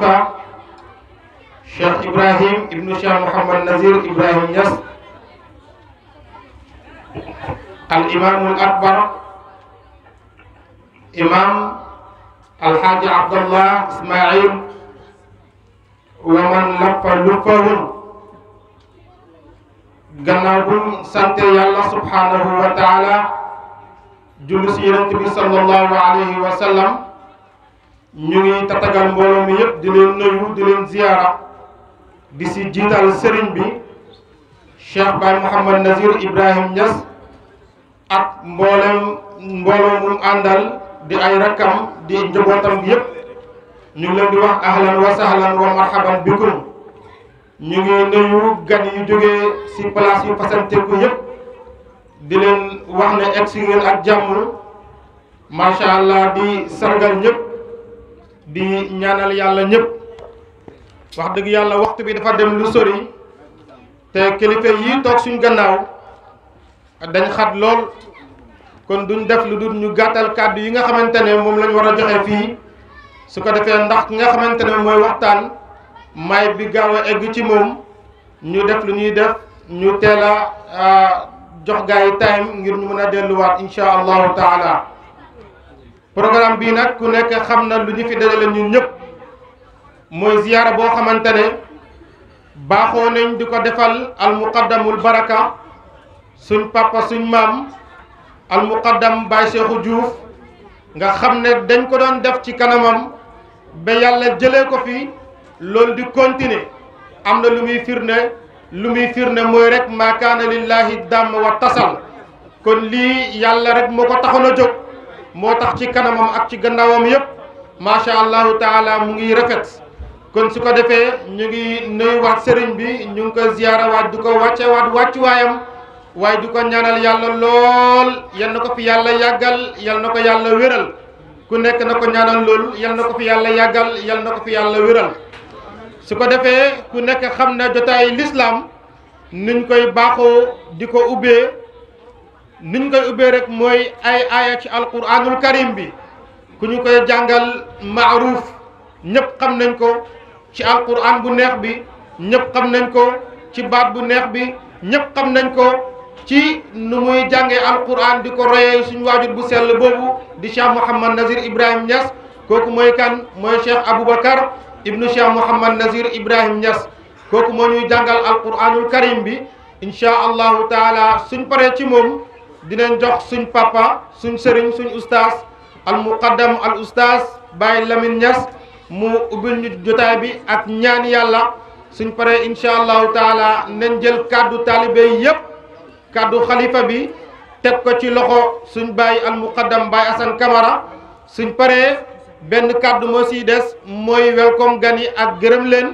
xalifa Cheikh Ibrahim ibnu Cheikh Mouhamad Nazir Ibrahim Niass al imaamul akbar imaam alxaaji Abdallah Ismail wa man lappa luppawun gannaaw bu sante yàlla subhanahu wa taala julli si yonent bi sallallahu alayhi wa sallam ñu ngi tatagal mbooloo mi yëpp di leen nuyu di leen ziyaara di si jiital sëriñ bi Cheikh Baye Mouhamad Nazir Ibrahim Niass ak mboolem mbooloo mu àndal di ay rakkam di njabootam bi yëpp ñu ngi leen di wax ahlan wa sahlan wa marhaban bikum ñu ngi nuyu gan yu jógee si place yu fasanteeku yëpp di leen wax ne egsi ngeen ak jàmm macha allah di sargal ñëpp. di ñaanal yàlla ñëpp wax dëgg yàlla waxtu bi dafa dem lu sori te kilifa yi toog suñ gannaaw dañ xat lool kon duñ def lu dul ñu gàttal kàddu yi nga xamante ne moom lañ war a joxe fii su ko defee ndax nga xamante ne mooy waxtaan may bi gaaw a egg ci moom ñu def lu ñuy def ñu teel a jox gaay time ngir ñu mën a delluwaat incha allahu taala programme bi nak ku nek xamna na lu ñu fi dajale ñun ñep moy ziyara bo xamantene baxo nañ di ko defal almuqaddamul baraka suñ papa suñ al muqaddam Baye Cheikhou Diouf nga xamne dañ ko don def ci kanamam ba yàlla jele ko fi lol di continuer amna lu muy firne lu muy firne moy rek kana lillahi dam wa tasal kon li yàlla rek moko taxono jóg moo tax ci kanamam ak ci gannaawam yëpp macha allahu taala mu ngi rafet kon su ko defee ñu ngi nuyuwaat sëriñ bi ñu ngi ko ziyaarawaat du ko wàccewaat wàccuwaayam waaye du ko ñaanal yàlla lool yal na ko fi yàlla yàggal yal na ko yàlla wéral ku nekk na ko ñaanal loolu yal na ko fi yàlla na ko fi wéral su ko defee ku nekk xam na jotaayu lislaam nuñ koy baaxoo di ko ubbee. niñ koy ubbee rek mooy ay aaya ci alquranul karim bi ku ñu koy jàngal maaruuf ñëpp xam nañ ko ci alquran bu neex bi ñëpp xam nañ ko ci baat bu neex bi ñëpp xam nañ ko ci nu muy jàngee alquran di ko royee suñu waajur bu sell boobu di cheikh mouhamad nazir ibrahim Niass kooku mooy kan mooy cheikh aboubacar ibnu cheikh mouhamad nazir ibrahim ñas kooku moo ñuy jàngal alquranul karim bi inchaa allahu taala suñ paree ci moom dinañ jox suñ papa suñ sëriñ suñ ustaas al muqaddam al ustaas Baye Lamine Niass mu ubbil ñu jotaay bi ak ñaan yàlla suñ paree incha allahu taala nañ jël kàddu taalibe yépp kàddu xalifa bi teg ko ci loxo suñ Baye al muqaddam Baye Assane suñ paree benn kàddu moo siy des mooy welcome gan ak gërëm leen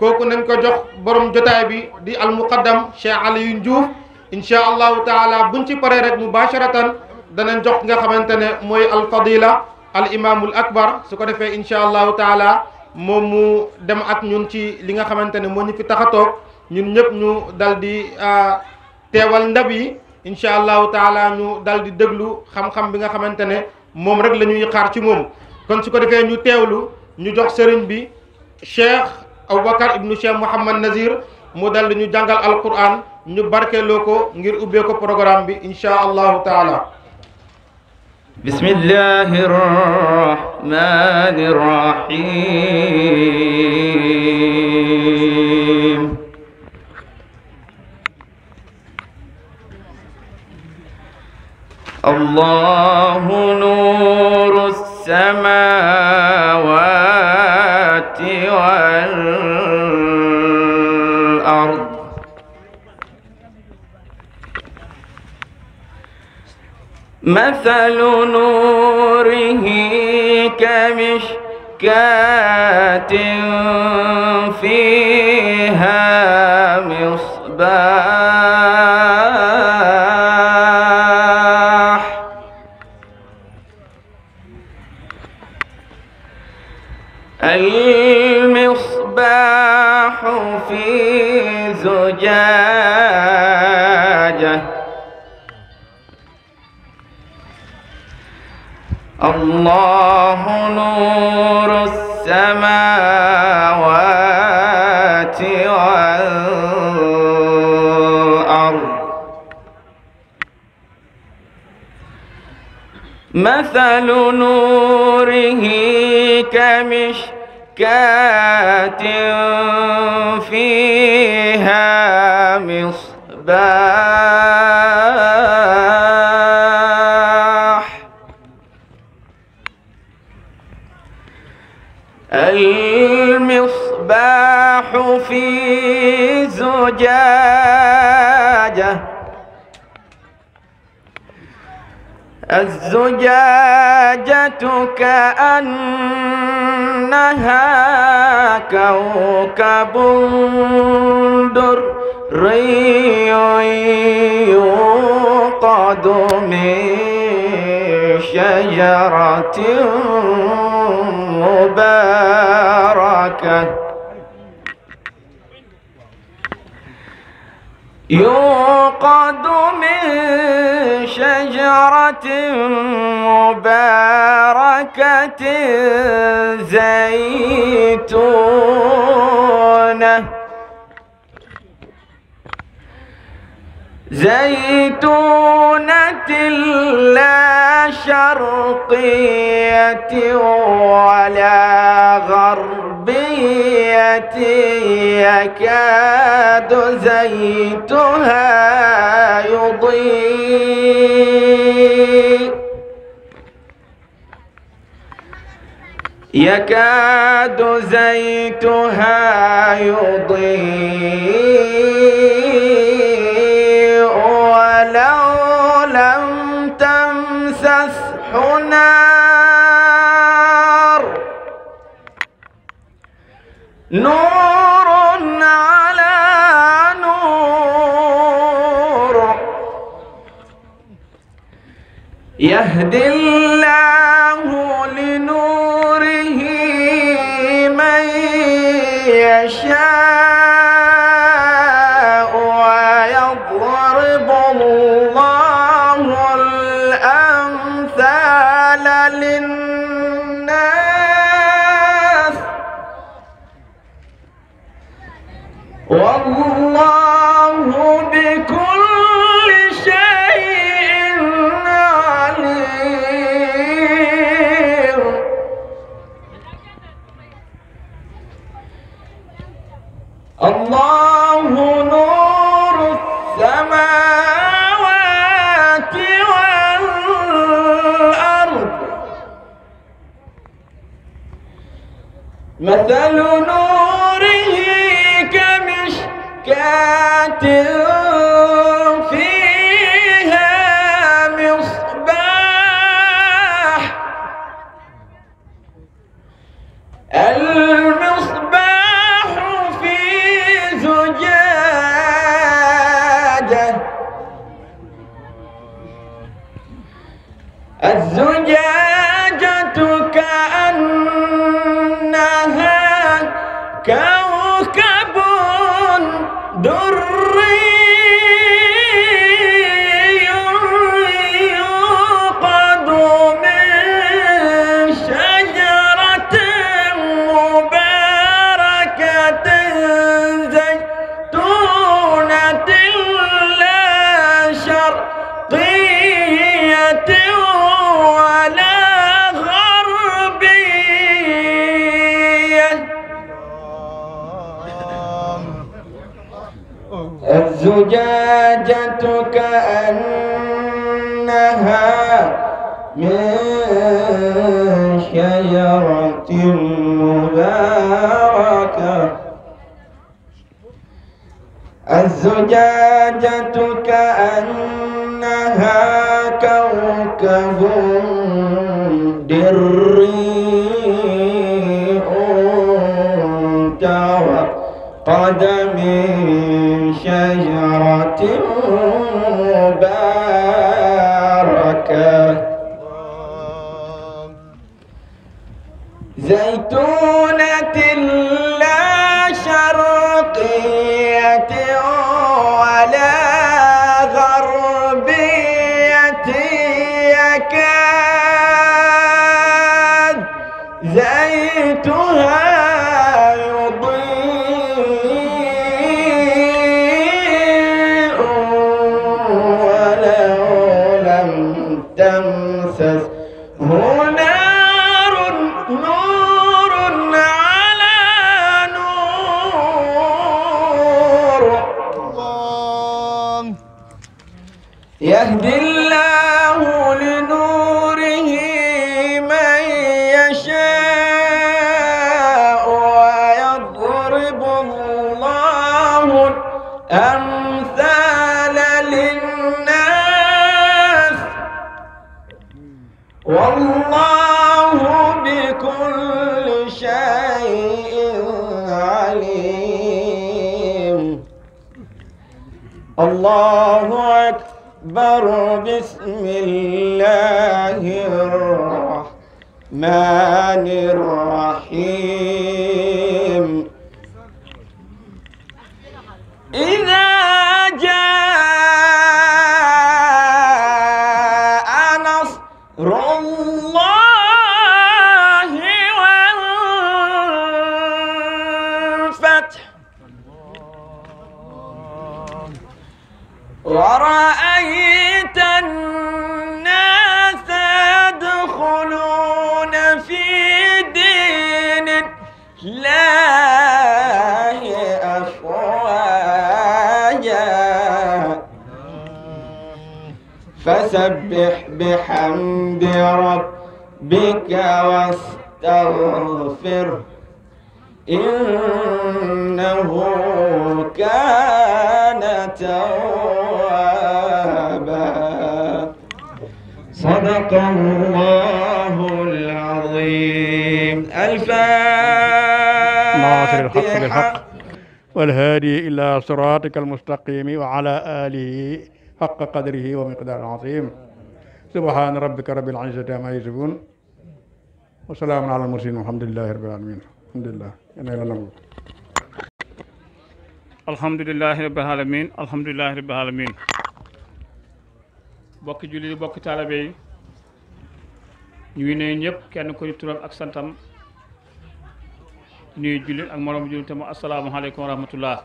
kooku nañ ko jox borom jotaay bi di al muqaddam Cheikh Aliou Ndiouf incha allahu bu buñ ci paree rek mubasharatan danañ jox nga xamante ne mooy alfadila al imaamul akbar su ko defee incha allahu taala moom mu dem ak ñun ci li nga xamante ne moo ñu fi tax a toog ñun ñëpp ñu dal di ah, teewal ndab yi incha allahu taala ñu dal di déglu xam-xam bi nga xamante ne moom rek lañuy xaar ci moom kon su ko defee ñu teewlu ñu jox sëriñ bi cheikh Aboubacar ibnu cheikh Mouhamad Nazir mu dal di ñu jàngal alquran ñu barkeeloo ko ngir ubbee ko programme bi insha allahu taala bismillahi rahmani rahim مثل نوره كمشكات في الله نور السماوات والأرض مثل نوره كمشكاة الزجاجة كأنها كوكب دري يوقد من شجرة مباركة يوقد من شجرة مباركة زيتونة زيتونة لا شرقية ولا غرب ربيتي يكاد زيتها يضيء يكاد زيتها يضيء نور على نور يهدي الله نور السماوات والأرض مثل نوره كمشكاة الزجاجة كأنها كأنها زجاجة كأنها من شجرة مباركة الزجاجة كأنها كوكب دري قدمي مباركة زيتون يهدي الله لنوره من يشاء ويضرب الله الأمثال للناس والله بكل شيء عليم الله أكبر بسم الله الرحمن الرحيم إذا واستغفره إنه كان توابا صدق الله العظيم الفاتحة ناصر الحق بالحق والهادي إلى صراطك المستقيم وعلى آله حق قدره ومقدار عظيم سبحان ربك رب العزة ما يصفون wa salaamun alal mursalin walhamdulillahi rabbil alamin alhamdulillah yàlla alamin alhamdulillahi rabbil alamin bokki julli ñu ngi nuyu ñëpp kenn ko turam ak santam nuyu jullit ak moroom jullit tam asalaamaaleykum wa rahmatullah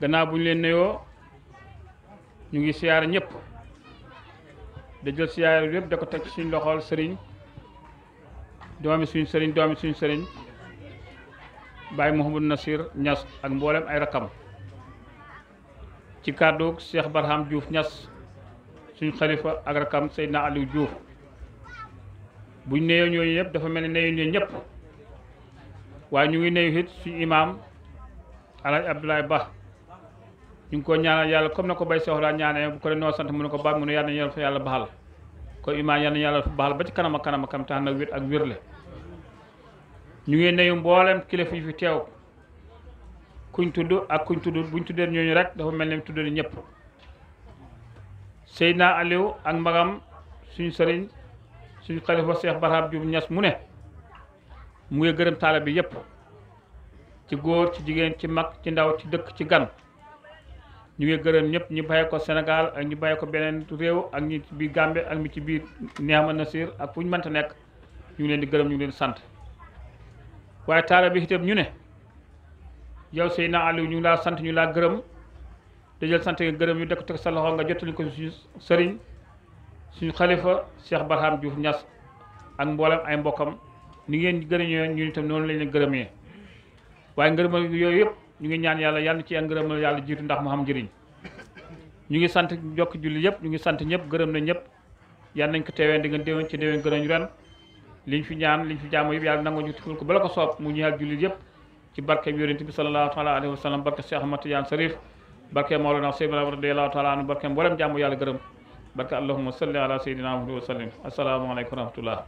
gannaaw bu ñu leen nuyoo ñu ngi siyaare ñëpp da jël siyaare yépp da ko teg ci suñu loxol sëriñ doomi suñu sëriñ doomi suñu sëriñ bay Mouhamadou Nasir ñass ak mboolem ay rakam ci kàddu Cheikh Barham Diouf ñass suñu khalifa ak rakam sayyidna ali Diouf buñ neyo ñoy ñep dafa melni neyo ñoy ñep ñëpp ñu ngi neyu hit suñu imam alhaj abdullah Ba ñu ko ñaanal yalla comme nako ko bay soxla ñaané bu ko no sant mu ko ba mu ne yalla ñu yalla fa ko imam yalla fa ba ci kanam kanam kam tax ak ñu ngi neyu mboolem kilifa yi fi teew kuñ tudd ak kuñ tudd buñ tuddee ñooñu rek dafa mel ne tudd na ñëpp Seydina Aliou ak mbagam suñu sëriñ suñu xalifa seex Barham Diouf ñas mu ne mu ngi gërëm taalibe bi yëpp ci góor ci jigéen ci mag ci ndaw ci dëkk ci gan ñu ngi gërëm ñëpp ñu bàyyi ko senegal ak ñu bàyyi ko beneen réew ak ñi ci biir Gambie ak mi ci biir Neema Nasir ak fu ñu mënta nekk ñu ngi leen di gërëm ñu leen sant. waaye taalibe bi itam ñu ne yow Seydina yi ñu ngi laa sant ñu laa gërëm da sant nga gërëm ñu dëkk teg sa loxo nga jottali ko suñu sëriñ suñu xalifa Cheikh Barham juuf ñas ak mboolem ay mbokkam ni ngeen gërëñoo ñu itam noonu lañ leen gërëmee waaye ngërëmal yooyu yëpp ñu ngi ñaan yàlla yàlla ci ak ngërëmal yàlla jiitu ndax mu xam njëriñ ñu ngi sant jokk julli yëpp ñu ngi sant ñëpp gërëm na ñëpp yàlla nañ ko teewee di nga déwén ci déwén gërëm ren liñ fi ñaan liñ fi jaamu yëpp yàlla nangu ñu tiful ko bala ko soob mu ñëwaat jullit yëpp ci barke bi yonent bi sallallahu taala alayhi wa sallam barke Cheikh Ahmad Tidiane Sarif barke Mawlana Cheikh Ibrahima radiyallahu taala anhu barke mboolem jaamu yàlla gërëm barke allahumma salli ala sayyidina Muhammad wa sallim asalaamaaleykum wa rahmatullah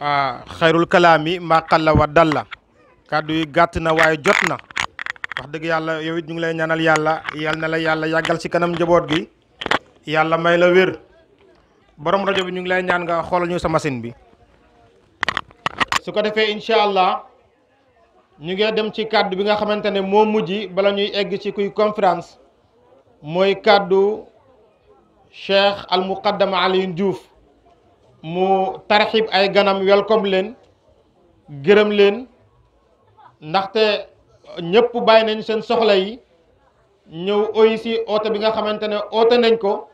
ah xayrul kalaami maa qalla wa dalla kàddu yi gàtt na waaye jot na wax dëgg yàlla yow it ñu ngi lay ñaanal yàlla yal na la yàlla yàggal ci kanam njaboot gi yàlla may la wér borom rajo bi ñu ngi lay ñaan nga xolal ñu sa machine bi su ko defee allah ñu ngi dem ci kàddu bi nga xamantene ne moo mujj bala ñuy egg ci kuy conférence mooy cheikh al muqaddam ali Diouf mu tarxib ay ganam welcome leen gërëm leen ndaxte ñëpp bàyyi nañ seen soxla yi ñëw oyisi oote bi nga xamantene nañ ko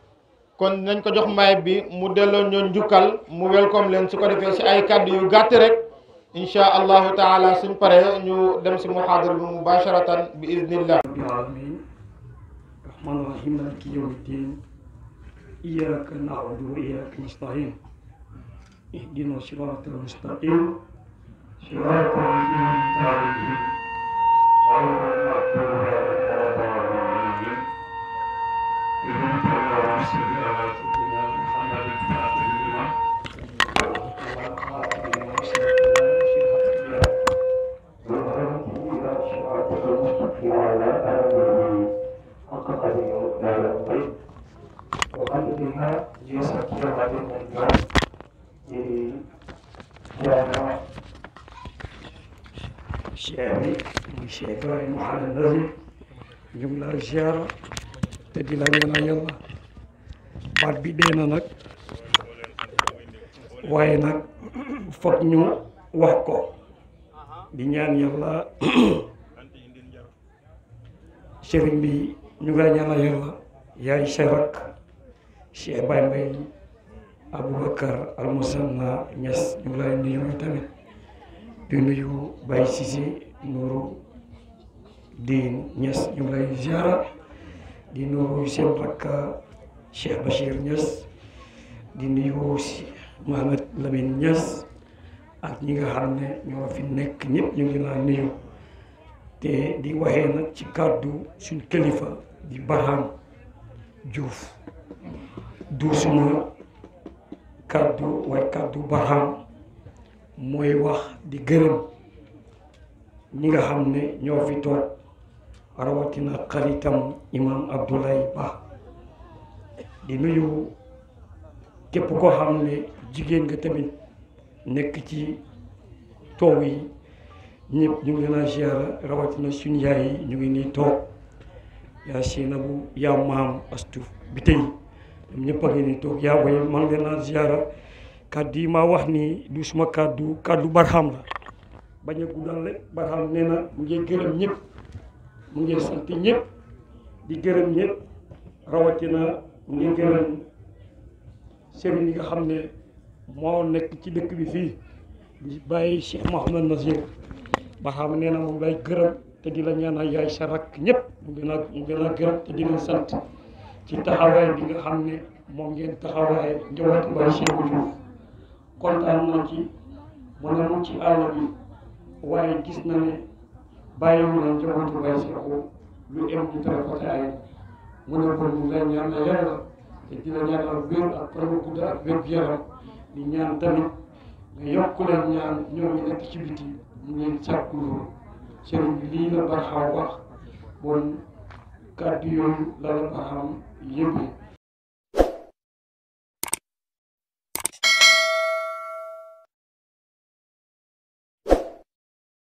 kon nañ ko jox may bi mu delo ñoo njukkal mu welcome len su ko defé ci ay kàddu yu gatt rek insha allah taala suñ paré ñu dem ci muhaadara bu mubasharatan bi iznillah rabbil alamin rahman rahim maliki yawmiddin iyyaka na'budu wa iyyaka nasta'in ihdina siratal mustaqim siratal ladzina an'amta alaihim ghayril maghdubi alaihim الشعري والشعباني محل النظم جملة الشعر te di la ñaanal yàlla baat bi dee nak nag waaye nag ñu wax ko di ñaan yalla sëriñ bi ñu nga lay ñaanal yàlla yaay serak Cheikh bay abubakar al musanna Niass ñu lay nuyu tamit di nuyu bay sisi nuru din Niass ñu lay ziarah di nuyu seen rakk Cheikh Bachir Niass di nuyu si Mohamed Lamine ak ñi nga xam ne ñoo fi nekk ñëpp ñu ngi laa nuyu te di waxee nag ci kàddu suñ kilifa di Barham juuf du suma kàddu waaye kàddu Barham mooy wax di gërëm ñi nga xam ne ñoo fi toog. rawatina xaritam imam Abdoulaye Ba di nuyu képp koo xam ne jigéen nga tamit nekk ci toog yi ñëpp ñu ngi leen a ziara rawatina suñu yaay yi ñu ngi nii toog yaa Seynabou yaa maam astu bi tey ñoom ñëpp a ngi nii toog yaa boy maa ngi leen a ziara kàddu yi maa wax nii du suma kàddu kàddu barxam la bañ a guddal barxam nee na mu ngi gërëm ñëpp mu ngi sant ñëpp di gërëm ñëpp rawatina mu ngi gërëm sëriñ nga xam ne moo nekk ci dëkk bi fii di bàyyi Cheikh Mouhamad Nasir ba xam ne na moom lay gërëm te di la ñaanal yaay mu ngi laa mu ngi laa gërëm te di la sant ci taxawaay bi nga xam ne moo ngeen taxawaay njabootu Baye Cheikh Diouf kontaan naa ci mu ne mu ci àll bi waaye gis na ne. bàyyiwul woon ca controverse ko lu em ci tere côté ay mu ne kon lay ñaan la te di la ñaanal wér ak panu gudd ak wér gu yaram di ñaan tamit nga yokk leen ñaan ñoom ñu nekk ci biti ñu leen sàkku lii la barxaw wax bon kàddu yooyu la la barxaam yëgee